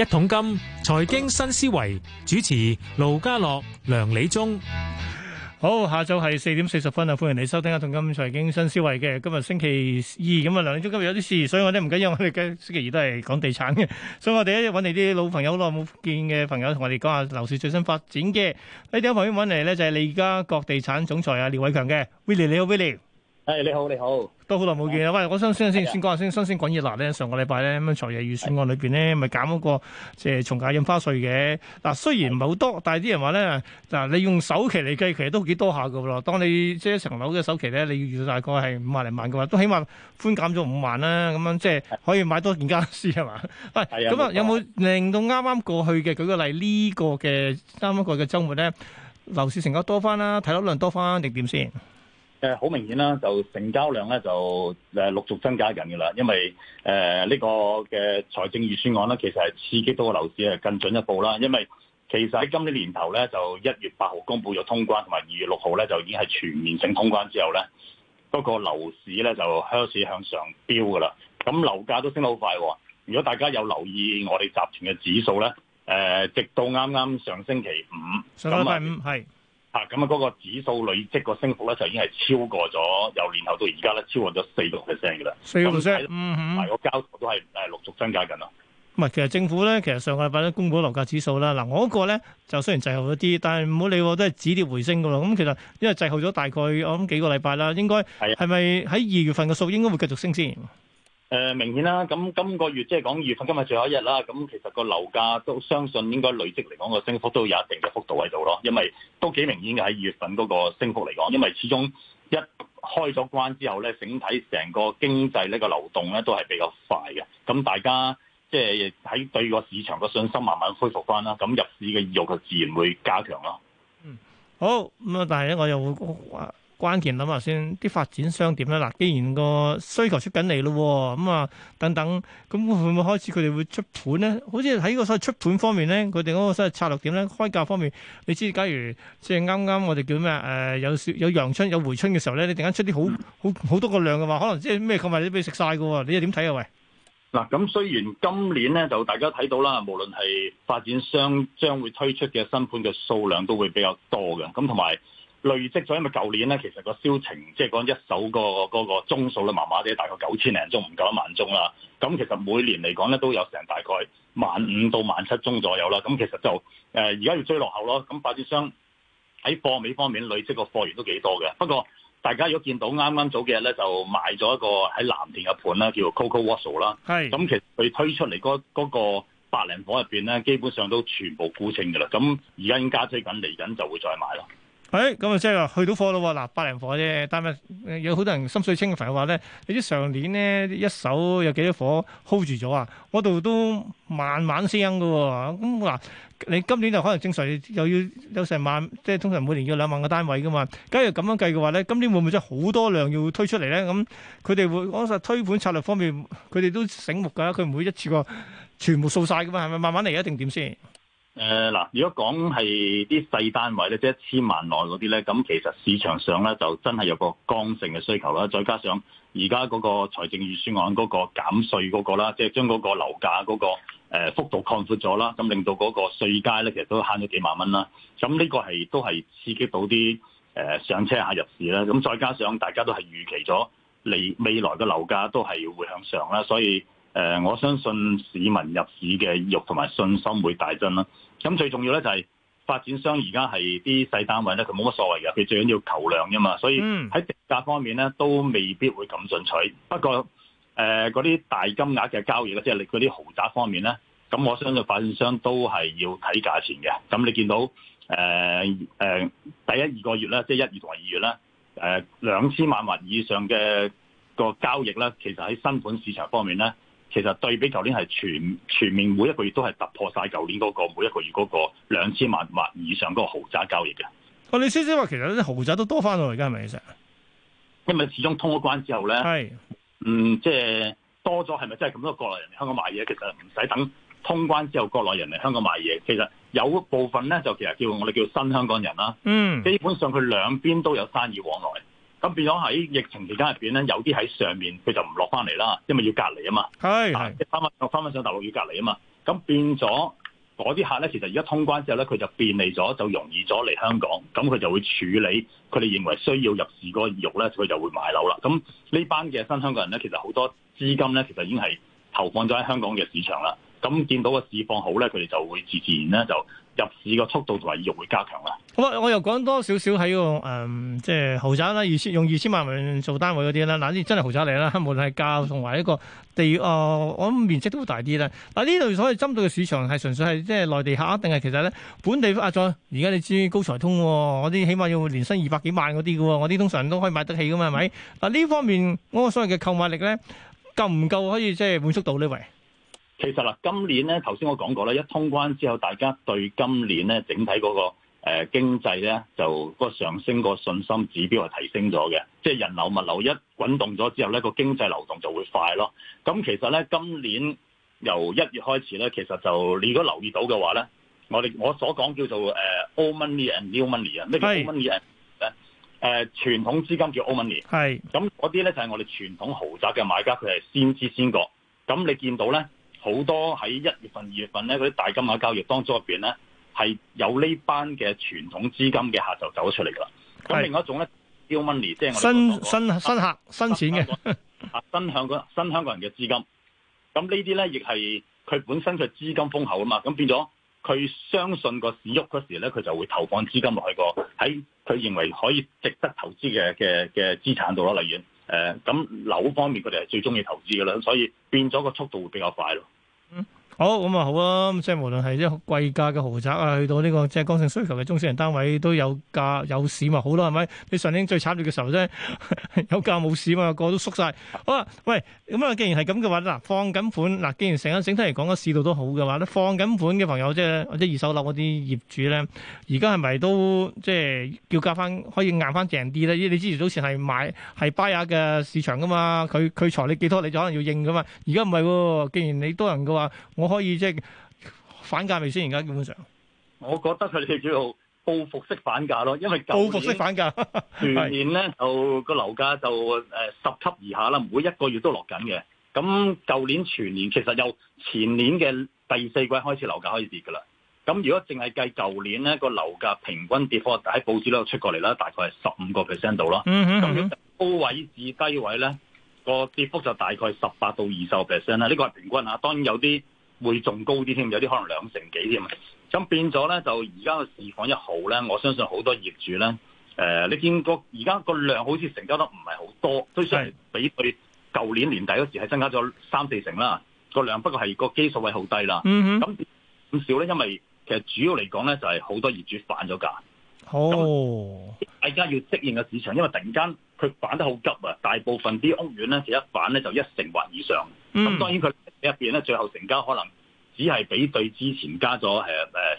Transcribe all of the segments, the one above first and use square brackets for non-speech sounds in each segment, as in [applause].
一桶金財經新思維主持盧家樂、梁李忠，好，下晝係四點四十分啊！歡迎你收聽一桶金財經新思維嘅今日星期二，咁啊梁李忠今日有啲事，所以我哋唔緊要，我哋嘅星期二都係講地產嘅，所以我哋咧揾嚟啲老朋友，好耐冇見嘅朋友同我哋講下樓市最新發展嘅。呢啲朋友揾嚟咧就係利嘉閣地產總裁啊廖偉強嘅 Willie，你好 Willie。誒你好，你好，都好耐冇見啊！喂，我想先先先講下先，新鮮滾熱辣咧，上個禮拜咧咁樣財爺預算案裏邊咧，咪減咗個即係從價印花稅嘅。嗱、啊，雖然唔係好多，但係啲人話咧嗱，你用首期嚟計，其實都幾多下噶喎。當你即係一層樓嘅首期咧，你要預到大概係五萬零萬嘅話，都起碼寬減咗五萬啦。咁樣即係可以買多件傢俬係嘛？喂，咁啊，有冇令到啱啱過去嘅？舉個例、這個、剛剛呢個嘅啱啱過嘅周末咧，樓市成交多翻啦，睇樓量多翻定點先？誒好明顯啦，就成交量咧就誒陸續增加緊噶啦，因為誒呢、呃這個嘅財政預算案咧，其實係刺激到個樓市係更進一步啦。因為其實喺今年年頭咧，就一月八號公佈咗通關，同埋二月六號咧就已經係全面性通關之後咧，嗰個樓市咧就開始向上飆噶啦。咁樓價都升得好快，哦。如果大家有留意我哋集團嘅指數咧，誒、呃、直到啱啱上星期五，上星期五係。那啊，咁啊，嗰個指數累積個升幅咧，就已經係超過咗由年頭到而家咧，超過咗四個 percent 嘅啦。四個 percent，同埋個交投都係誒陸續增加緊咯。唔係，嗯、哼其實政府咧，其實上個禮拜咧，公布樓價指數啦。嗱，我嗰個咧就雖然滯後咗啲，但係唔好理，我，都係止跌回升嘅咯。咁其實因為滯後咗大概我諗幾個禮拜啦，應該係咪喺二月份嘅數應該會繼續升先？誒、呃、明顯啦，咁今個月即係講二月份，今日最後一日啦，咁其實個樓價都相信應該累積嚟講個升幅都有一定嘅幅度喺度咯，因為都幾明顯嘅喺二月份嗰個升幅嚟講，因為始終一開咗關之後咧，體整體成個經濟呢個流動咧都係比較快嘅，咁大家即係喺對個市場個信心慢慢恢復返啦，咁入市嘅意欲就自然會加強咯。嗯，好咁啊，但係咧我又會關鍵諗下先，啲發展商點咧？嗱，既然個需求出緊嚟咯，咁啊等等，咁會唔會開始佢哋會出盤咧？好似喺個所謂出盤方面咧，佢哋嗰個所謂策略點咧？開價方面，你知假如即係啱啱我哋叫咩誒？有有有陽春有回春嘅時候咧，你突然間出啲好好好多個量嘅話，可能即係咩購買你都俾食曬㗎喎，你又點睇啊？喂，嗱，咁雖然今年咧就大家睇到啦，無論係發展商將會推出嘅新盤嘅數量都會比較多嘅，咁同埋，累積咗，因為舊年咧，其實個銷情即係嗰一手、個嗰個宗數咧，麻麻地大概九千零宗，唔夠一萬宗啦。咁其實每年嚟講咧，都有成大概萬五到萬七宗左右啦。咁其實就誒，而家要追落後咯。咁發展商喺貨尾方面累積個貨源都幾多嘅。不過大家如果見到啱啱早幾日咧，就買咗一個喺藍田嘅盤啦，叫 Coco Whistle 啦。係。咁其實佢推出嚟嗰、嗰個百零房入邊咧，基本上都全部沽清嘅啦。咁而家已經加推緊，嚟緊就會再買咯。誒咁啊，即係話去到貨咯喎！嗱，百零貨啫，但係有好多人心水清嘅朋友話咧，你知上年咧一手有幾多貨 hold 住咗啊？我度都慢慢升嘅喎，咁嗱，你今年就可能正常又要有成萬，即係通常每年要兩萬個單位噶嘛？假如咁樣計嘅話咧，今年會唔會真係好多量要推出嚟咧？咁佢哋會講實推盤策略方面，佢哋都醒目㗎，佢唔會一次過全部掃晒嘅嘛，係咪慢慢嚟一定點先？誒嗱、呃，如果講係啲細單位咧，即、就、係、是、一千萬內嗰啲咧，咁其實市場上咧就真係有個剛性嘅需求啦。再加上而家嗰個財政預算案嗰個減稅嗰、那個啦，即係將嗰個樓價嗰個、呃、幅度擴闊咗啦，咁令到嗰個稅階咧其實都慳咗幾萬蚊啦。咁呢個係都係刺激到啲誒、呃、上車客入市啦。咁再加上大家都係預期咗嚟未來嘅樓價都係要會向上啦，所以。誒，我相信市民入市嘅意欲同埋信心會大增啦。咁最重要咧就係發展商而家係啲細單位咧，佢冇乜所謂嘅，佢最緊要求量啫嘛。所以喺定價方面咧，都未必會咁進取。不過誒，嗰啲、呃、大金額嘅交易咧，即係嗰啲豪宅方面咧，咁我相信發展商都係要睇價錢嘅。咁你見到誒誒、呃呃、第一二個月咧，即係一月同埋二月咧，誒、呃、兩千萬或以上嘅個交易咧，其實喺新盤市場方面咧。其實對比舊年係全全面，每一個月都係突破晒舊年嗰個每一個月嗰個兩千萬或以上嗰個豪宅交易嘅。哦，李先生話其實啲豪宅都多翻到而家係咪先？是是因為始終通咗關之後咧，係是嗯，即係多咗，係咪真係咁多國內人嚟香港買嘢？其實唔使等通關之後，國內人嚟香港買嘢，其實有部分咧就其實叫我哋叫新香港人啦。嗯，基本上佢兩邊都有生意往來。咁變咗喺疫情期間入邊咧，有啲喺上面佢就唔落翻嚟啦，因為要隔離啊嘛。係係，翻翻翻翻上大陸要隔離啊嘛。咁變咗嗰啲客咧，其實而家通關之後咧，佢就便利咗，就容易咗嚟香港。咁佢就會處理佢哋認為需要入市嗰個意欲咧，佢就會買樓啦。咁呢班嘅新香港人咧，其實好多資金咧，其實已經係投放咗喺香港嘅市場啦。咁見到個市況好咧，佢哋就會自然咧就入市個速度同埋意欲會加強啦。好啊，我又講多少少喺個誒，即、嗯、係、就是、豪宅啦，二千用二千萬做單位嗰啲啦，嗱啲真係豪宅嚟啦，無論係價同埋一個地誒、呃，我諗面積都會大啲啦。嗱呢度所以針對嘅市場係純粹係即係內地客，定係其實咧本地啊？再而家你知高才通喎，我啲起碼要年薪二百幾萬嗰啲㗎喎，我啲通常都可以買得起噶嘛，係咪？嗱、啊、呢方面我所謂嘅購買力咧，夠唔夠可以即係滿足到呢位？其實啦，今年咧頭先我講過咧，一通關之後，大家對今年咧整體嗰、那個誒、呃、經濟咧，就嗰上升個信心指標係提升咗嘅。即係人流物流一滾動咗之後咧，那個經濟流動就會快咯。咁、嗯、其實咧，今年由一月開始咧，其實就你如果留意到嘅話咧，我哋我所講叫做誒 Old、呃、Money and New Money 啊，咩叫 Old Money 咧？誒、呃、傳統資金叫 Old Money 咁嗰啲咧就係、是、我哋傳統豪宅嘅買家，佢係先知先覺。咁你見到咧？好多喺一月份、二月份咧，嗰啲大金額交易當中入邊咧，係有呢班嘅傳統資金嘅客就走咗出嚟噶啦。咁是另外一種咧，叫 money 即係新新新客新，新，新錢嘅啊，新香港新香港人嘅資金。咁呢啲咧，亦係佢本身嘅資金豐厚啊嘛。咁變咗佢相信個市喐嗰時咧，佢就會投放資金落去個喺佢認為可以值得投資嘅嘅嘅資產度咯，例如。誒，咁樓、呃、方面，佢哋係最中意投資嘅啦，所以變咗個速度會比較快咯。嗯。好咁啊，好啊！即係無論係一貴價嘅豪宅啊，去到呢、這個即係剛性需求嘅中小型單位都有價有市嘛，好啦，係咪？你上年最慘烈嘅時候啫， [laughs] 有價冇市嘛，個個都縮晒。好啦，喂，咁啊，既然係咁嘅話，嗱，放緊盤，嗱，既然成個整體嚟講個市道都好嘅話，咧，放緊盤嘅朋友即係或者二手樓嗰啲業主咧，而家係咪都即係叫價翻，可以硬翻正啲咧？因為你之前好似係買係 buyer 嘅市場噶嘛，佢佢財力寄託你就可能要應噶嘛，而家唔係，既然你多人嘅話，我。可以即係反價未先？而家基本上，我覺得佢哋叫做報復式反價咯，因為報復式反價全年咧就個樓價就誒十級以下啦，每一個月都落緊嘅。咁舊年全年其實由前年嘅第四季開始樓價開始，價開始跌㗎啦。咁如果淨係計舊年咧，個樓價平均跌幅喺報紙度出過嚟啦，大概係十五個 percent 度啦。咁 [laughs] 高位至低位咧，個跌幅就大概十八到二十個 percent 啦。呢個係平均吓，當然有啲。會仲高啲添，有啲可能兩成幾添。咁變咗咧，就而家個市況一好咧，我相信好多業主咧，誒、呃，你見個而家個量好似成交得唔係好多，都算係比佢舊年年底嗰時係增加咗三四成啦。個量不過係個基數位好低啦。嗯咁、mm hmm. 少咧，因為其實主要嚟講咧，就係、是、好多業主反咗價。好。而家要適應個市場，因為突然間佢反得好急啊！大部分啲屋苑咧，其一反咧就一成或以上。嗯。咁當然佢。入邊咧，最後成交可能只係比對之前加咗誒誒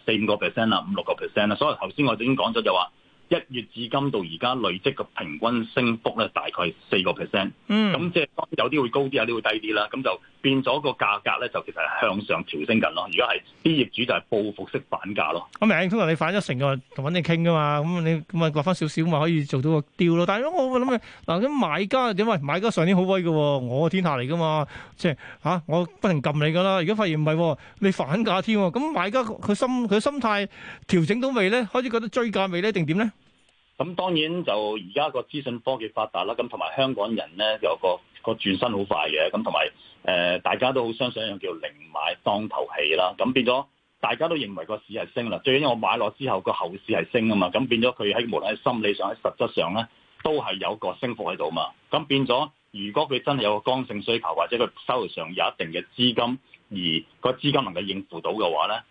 四五個 percent 啦，五六個 percent 啦，所以頭先我哋已經講咗就話。一月至今到而家累積嘅平均升幅咧，大概四個 percent。嗯，咁即係有啲會高啲，有啲會低啲啦。咁就變咗個價格咧，就其實係向上調升緊咯。而家係啲業主就係報復式反價咯。我明，通常你反一成嘅，同揾你傾噶嘛。咁你咁啊，刮翻少少咪可以做到個 deal 咯。但係我諗嘅嗱，啲買家點啊？買家上年好威嘅，我天下嚟噶嘛。即係吓，我不停撳你噶啦。而家發現唔係喎，你反價添喎。咁買家佢心佢心態調整到未咧？開始覺得追價未咧？定點咧？咁當然就而家個資訊科技發達啦，咁同埋香港人咧，有個個轉身好快嘅，咁同埋誒大家都好相信一樣叫寧買當頭起啦，咁變咗大家都認為個市係升啦，最緊要我買落之後個後市係升啊嘛，咁變咗佢喺無論喺心理上喺實質上咧都係有個升幅喺度嘛，咁變咗如果佢真係有個剛性需求或者佢收入上有一定嘅資金，而個資金能夠應付到嘅話咧。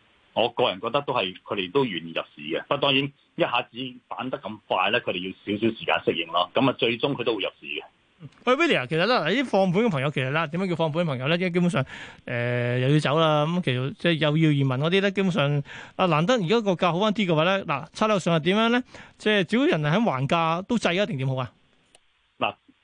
我個人覺得都係佢哋都願意入市嘅，不過當然一下子反得咁快咧，佢哋要少少時間適應咯。咁啊，最終佢都會入市嘅。喂，William、啊、其實啦，嗱，啲放盤嘅朋友其實啦，點樣叫放盤嘅朋友咧？因為基本上誒、呃、又要走啦，咁其實即係又要移民嗰啲咧，基本上啊，難得而家個價好翻啲嘅話咧，嗱，策略上係點樣咧？即係只要人係喺還價都制啊，定點好啊？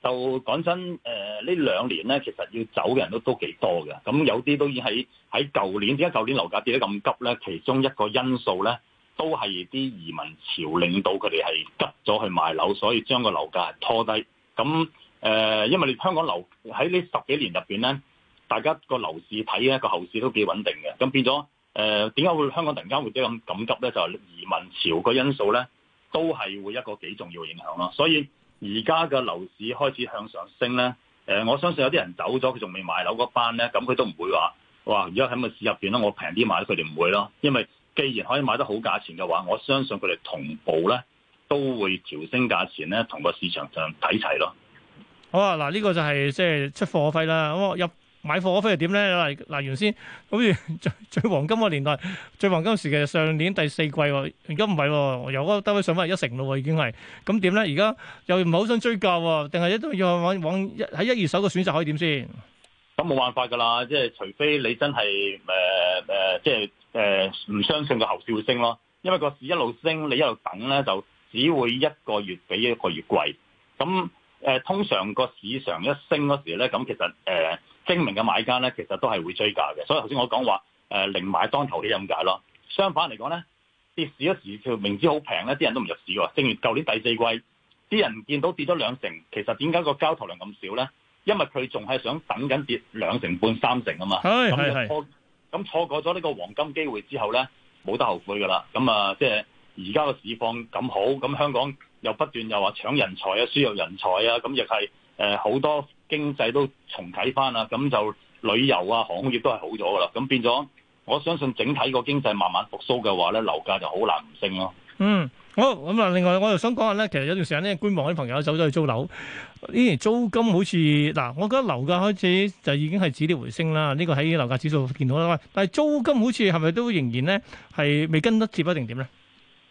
就講真，誒、呃、呢兩年咧，其實要走嘅人都都幾多嘅，咁有啲都已經喺喺舊年，點解舊年樓價跌得咁急咧？其中一個因素咧，都係啲移民潮令到佢哋係急咗去賣樓，所以將個樓價拖低。咁誒、呃，因為你香港樓喺呢十幾年入邊咧，大家個樓市睇咧個後市都幾穩定嘅，咁變咗，誒點解會香港突然間會啲咁咁急咧？就係、移民潮個因素咧，都係會一個幾重要嘅影響咯，所以。而家嘅樓市開始向上升咧，誒、呃，我相信有啲人走咗，佢仲未買樓嗰班咧，咁佢都唔會話，哇！而家喺咪市入邊咧，我平啲買，佢哋唔會咯，因為既然可以買得好價錢嘅話，我相信佢哋同步咧都會調升價錢咧，同個市場上睇齊咯。好啊，嗱，呢個就係即係出貨費啦。咁我入。買貨嗰飛係點咧？嗱嗱，原先好似最最黃金個年代、最黃金時期，上年第四季喎，而家唔係喎，由嗰位上翻一成咯，已經係咁點咧？而家又唔係好想追究，定係都要往往喺一二手嘅選擇可以點先？咁冇辦法㗎啦，即係除非你真係誒誒，即係誒唔相信個後市會升咯，因為個市一路升，你一路等咧，就只會一個月比一個月貴。咁誒、呃，通常個市場一升嗰時咧，咁其實誒。呃精明嘅買家咧，其實都係會追價嘅，所以頭先我講話誒、呃、寧買當頭起咁解咯。相反嚟講咧，跌市嗰時就明知好平咧，啲人都唔入市喎。正如舊年第四季，啲人見到跌咗兩成，其實點解個交投量咁少咧？因為佢仲係想等緊跌兩成半三成啊嘛。咁錯咁錯過咗呢個黃金機會之後咧，冇得後悔噶啦。咁啊，即係而家個市況咁好，咁香港又不斷又話搶人才啊，輸入人才啊，咁亦係誒好多。經濟都重啟翻啊，咁就旅遊啊、航空業都係好咗噶啦，咁變咗我相信整體個經濟慢慢復甦嘅話咧，樓價就好難唔升咯、啊。嗯，好咁啊！另外我又想講下咧，其實有段時間咧，觀望啲朋友走咗去租樓，依、欸、年租金好似嗱，我覺得樓價開始就已經係止跌回升啦。呢、個喺樓價指數見到啦，但係租金好似係咪都仍然咧係未跟得接，切，定點咧？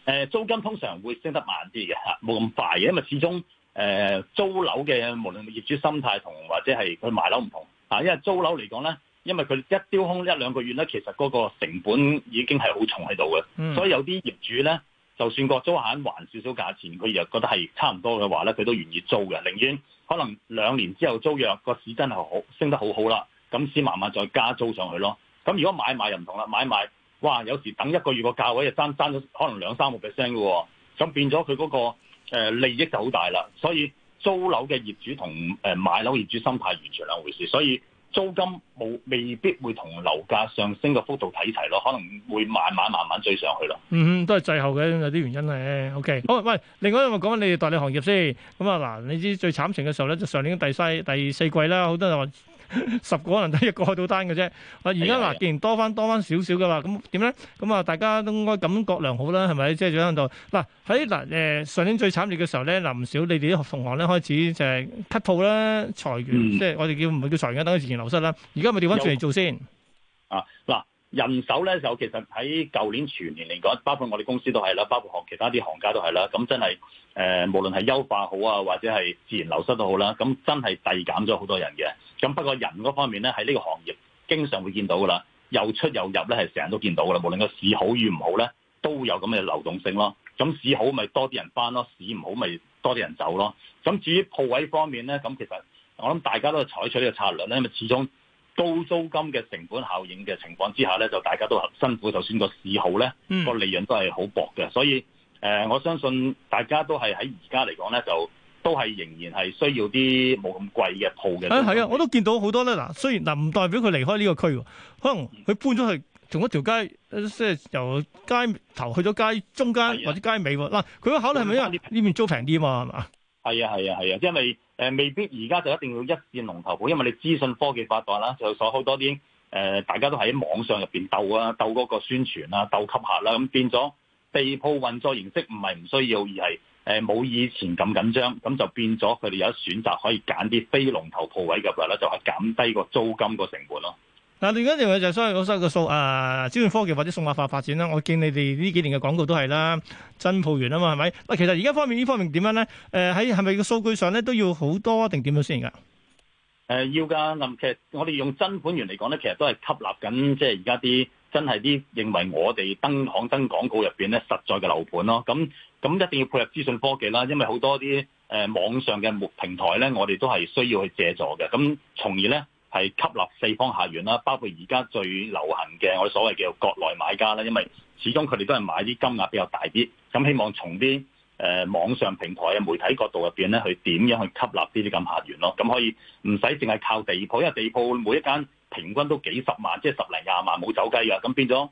誒，租金通常會升得慢啲嘅嚇，冇咁快嘅，因為始終。誒、呃、租樓嘅無論業主心態同或者係佢買樓唔同啊，因為租樓嚟講咧，因為佢一丟空一兩個月咧，其實嗰個成本已經係好重喺度嘅，嗯、所以有啲業主咧，就算個租限還少少價錢，佢又覺得係差唔多嘅話咧，佢都願意租嘅，寧願可能兩年之後租約個市真係好升得好好啦，咁先慢慢再加租上去咯。咁如果買賣又唔同啦，買賣哇，有時等一個月個價位就爭爭咗可能兩三個 percent 嘅喎，咁變咗佢嗰個。誒，利益就好大啦，所以租樓嘅業主同誒買樓業主心態完全兩回事，所以租金冇未必會同樓價上升嘅幅度睇齊咯，可能會慢慢慢慢追上去咯。嗯，都係最後嘅，有啲原因咧。OK，好，喂，另外一我講翻你哋代理行業先。咁啊，嗱，你知最慘情嘅時候咧，就上年第四第四季啦，好多人。 [laughs] 十個可能得一個開到單嘅啫。啊，而家嗱，既然多翻多翻少少嘅話，咁點咧？咁啊，大家都應該感覺良好啦，係咪？即係仲喺度嗱，喺嗱誒上年最慘烈嘅時候咧，嗱、啊、唔少你哋啲同行咧開始就係 cut 套啦、裁員，嗯、即係我哋叫唔叫裁員等佢自然流失啦。而家咪調翻轉嚟做先啊嗱。呃呃人手咧就其實喺舊年全年嚟講，包括我哋公司都係啦，包括行其他啲行家都係啦，咁真係誒、呃、無論係優化好啊，或者係自然流失都好啦、啊，咁真係遞減咗好多人嘅。咁不過人嗰方面咧，喺呢個行業經常會見到噶啦，又出又入咧，係成日都見到噶啦。無論個市好與唔好咧，都有咁嘅流動性咯。咁市好咪多啲人翻咯，市唔好咪多啲人走咯。咁至於鋪位方面咧，咁其實我諗大家都係採取呢個策略咧，因為始終，高租金嘅成本效應嘅情況之下咧，就大家都辛苦，就算個市好咧，個、嗯、利潤都係好薄嘅。所以誒、呃，我相信大家都係喺而家嚟講咧，就都係仍然係需要啲冇咁貴嘅鋪嘅。啊，係啊，我都見到好多咧。嗱，雖然嗱唔代表佢離開呢個區喎，可能佢搬咗去同一條街，即係由街頭去咗街中間、啊、或者街尾喎。嗱，佢嘅考慮係咪因為呢邊租平啲嘛？係嘛？係啊係啊係啊，因為。誒，未必而家就一定要一線龍頭鋪，因為你資訊科技發達啦，就所好多啲誒、呃、大家都喺網上入邊鬥啊，鬥嗰個宣傳啊、鬥級客啦，咁變咗地鋪運作形式唔係唔需要，而係誒冇以前咁緊張，咁就變咗佢哋有得選擇，可以揀啲非龍頭鋪位嘅話咧，就係、是、減低個租金個成本咯。嗱，另一樣嘢就係所謂所收個數，誒資訊科技或者數碼化發展啦。我見你哋呢幾年嘅廣告都係啦，真鋪源啊嘛，係咪？嗱，其實而家方面呢方面點樣咧？誒、呃，喺係咪個數據上咧都要好多定點樣先㗎？誒、呃，要㗎。咁其實我哋用真本源嚟講咧，其實都係吸納緊，即係而家啲真係啲認為我哋登行登廣告入邊咧，實在嘅樓盤咯。咁、嗯、咁、嗯嗯、一定要配合資訊科技啦，因為好多啲誒、呃、網上嘅平台咧，我哋都係需要去借助嘅。咁、嗯、從而咧。係吸納四方客源啦，包括而家最流行嘅我哋所謂叫做國內買家啦，因為始終佢哋都係買啲金額比較大啲，咁希望從啲誒、呃、網上平台嘅媒體角度入邊咧，去點樣去吸納啲呢咁客源咯，咁可以唔使淨係靠地鋪，因為地鋪每一間平均都幾十萬，即係十零廿萬冇走雞㗎，咁變咗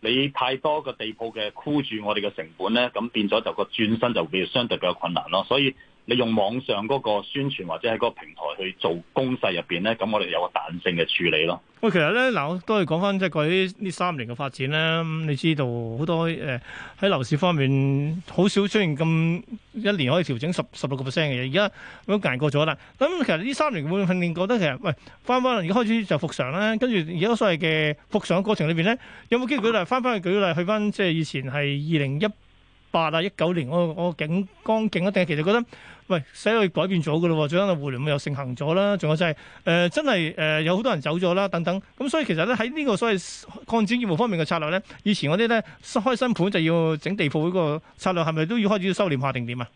你太多個地鋪嘅箍住我哋嘅成本咧，咁變咗就個轉身就比相對比較困難咯，所以。你用網上嗰個宣傳或者喺嗰個平台去做攻勢入邊咧，咁我哋有個彈性嘅處理咯。喂，其實咧嗱，我都係講翻即係嗰啲呢三年嘅發展啦。你知道好多誒喺、呃、樓市方面，好少出現咁一年可以調整十十六個 percent 嘅嘢。而家都捱過咗啦。咁其實呢三年嘅訓練，覺得其實喂翻翻嚟而家開始就復常啦。跟住而家所謂嘅復常過程裏邊咧，有冇機會舉例翻翻去舉例去翻即係以前係二零一八啊一九年，我我景光景一定，其實覺得喂，所有改變咗嘅咯喎，再加上互聯網又盛行咗啦，仲有就係、是、誒、呃、真係誒、呃、有好多人走咗啦等等，咁、嗯、所以其實咧喺呢個所謂擴展業務方面嘅策略咧，以前我啲咧開新盤就要整地鋪嗰個策略，係咪都要開始要收斂下定點啊？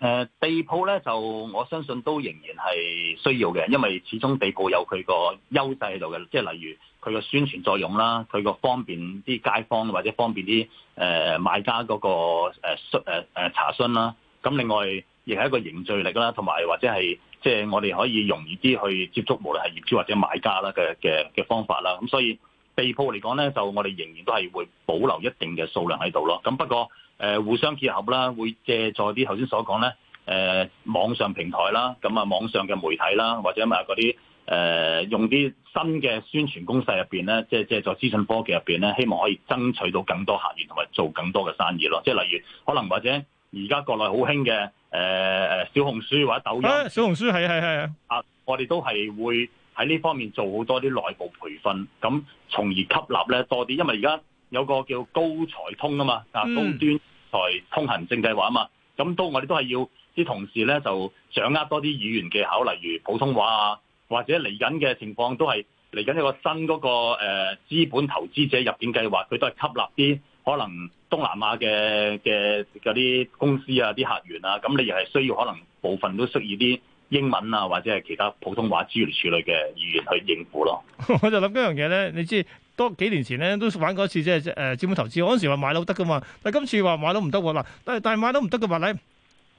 誒，地鋪咧就我相信都仍然係需要嘅，因為始終地鋪有佢個優勢喺度嘅，即係例如佢個宣傳作用啦，佢個方便啲街坊或者方便啲誒買家嗰個誒誒誒查詢啦。咁另外亦係一個凝聚力啦，同埋或者係即係我哋可以容易啲去接觸，無論係業主或者買家啦嘅嘅嘅方法啦。咁所以地鋪嚟講咧，就我哋仍然都係會保留一定嘅數量喺度咯。咁不過，誒互相結合啦，會借助啲頭先所講咧，誒網上平台啦，咁啊網上嘅媒體啦，或者咪嗰啲誒用啲新嘅宣傳公勢入邊咧，即係即係在資訊科技入邊咧，希望可以爭取到更多客源同埋做更多嘅生意咯。即係例如可能或者而家國內好興嘅誒小紅書或者抖音，啊，小紅書係係係啊！我哋都係會喺呢方面做好多啲內部培訓，咁從而吸納咧多啲，因為而家。有個叫高才通啊嘛，啊高端才通行證計劃啊嘛，咁都我哋都係要啲同事咧就掌握多啲語言技巧，例如普通話啊，或者嚟緊嘅情況都係嚟緊一個新嗰、那個誒、呃、資本投資者入境計劃，佢都係吸納啲可能東南亞嘅嘅嗰啲公司啊、啲客源啊，咁你又係需要可能部分都適宜啲英文啊，或者係其他普通話諸如諸類嘅語言去應付咯。 [laughs] 我就諗嗰樣嘢咧，你知。多幾年前咧都玩過一次，即係誒資本投資。我嗰時話買樓得噶嘛，但係今次話買樓唔得喎，但係但係買樓唔得嘅話咧，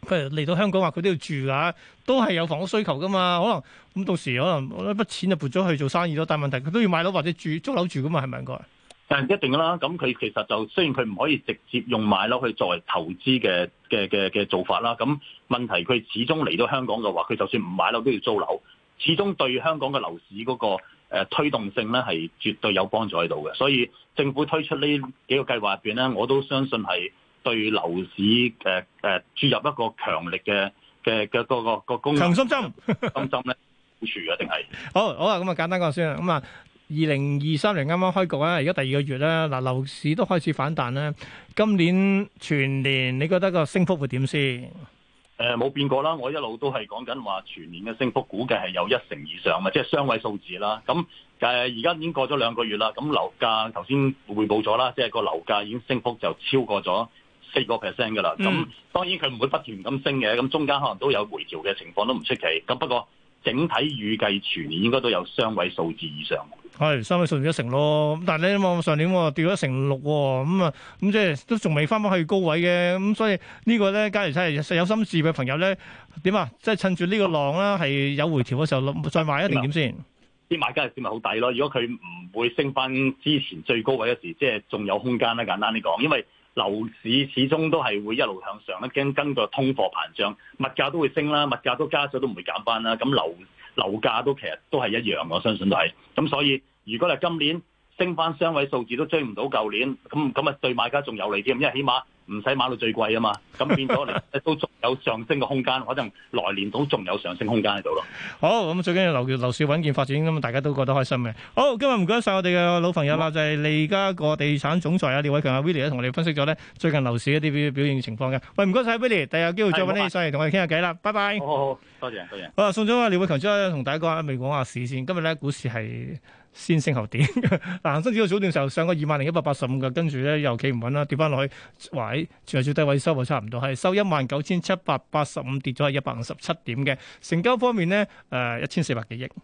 佢嚟到香港話佢都要住噶，都係有房屋需求噶嘛。可能咁到時可能我一筆錢就撥咗去做生意咯。但係問題佢都要買樓或者住租樓住噶嘛，係咪應該？但一定啦。咁佢其實就雖然佢唔可以直接用買樓去作為投資嘅嘅嘅嘅做法啦。咁問題佢始終嚟到香港嘅話，佢就算唔買樓都要租樓，始終對香港嘅樓市嗰個。誒、呃，推動性咧係絕對有幫助喺度嘅，所以政府推出呢幾個計劃入邊咧，我都相信係對樓市誒誒、呃、注入一個強力嘅嘅嘅嗰個個工。強心針，針 [laughs] 咧是好處啊定係？好好啊，咁、嗯、啊簡單講先啦。咁、嗯、啊，二零二三年啱啱開局啊，而家第二個月咧，嗱、呃、樓市都開始反彈咧。今年全年你覺得個升幅會點先？誒冇變過啦，我一路都係講緊話全年嘅升幅，估計係有一成以上嘅，即係雙位數字啦。咁誒，而家已經過咗兩個月啦。咁樓價頭先匯報咗啦，即係個樓價已經升幅就超過咗四個 percent 嘅啦。咁當然佢唔會不斷咁升嘅，咁中間可能都有回調嘅情況都唔出奇。咁不過整體預計全年應該都有雙位數字以上。係，三位數上年掉一成六，咁但係咧，望上年掉咗成六，咁、嗯、啊，咁即係都仲未翻翻去高位嘅，咁、嗯、所以個呢個咧，假如真係有心事嘅朋友咧，點啊？即係趁住呢個浪啦，係有回調嘅時候，再買一定點先？啲樣買家嘅點咪好抵咯？如果佢唔會升翻之前最高位嗰時，即係仲有空間啦。簡單啲講，因為樓市始終都係會一路向上啦，跟根通貨膨脹，物價都會升啦，物價都加咗都唔會減翻啦。咁樓樓價都其實都係一樣，我相信都係咁，所以。如果係今年升翻雙位數字都追唔到舊年，咁咁咪對買家仲有利添？因為起碼唔使買到最貴啊嘛。咁變咗嚟都仲有上升嘅空間，可能來年都仲有上升空間喺度咯。好，咁最緊要樓樓市穩健發展，咁大家都覺得開心嘅。好，今日唔該曬我哋嘅老朋友啦，就係利嘉閣地產總裁啊，廖偉強啊，Willie 咧同我哋分析咗咧最近樓市一啲表現情況嘅。喂，唔該曬 Willie，第日有機會再揾你再同我哋傾下偈啦。拜拜。好好，多謝多謝。啊，送咗啊，廖偉強，之後同大家未講下市先。今日咧股市係。先升後跌、 [laughs] 啊，恒生指數早段時候上過二萬零一百八十五噶，跟住咧又企唔穩啦，跌翻落去位，全日最低位收啊，差唔多係收一萬九千七百八十五，跌咗係一百五十七點嘅，成交方面咧誒一千四百幾億。呃 1,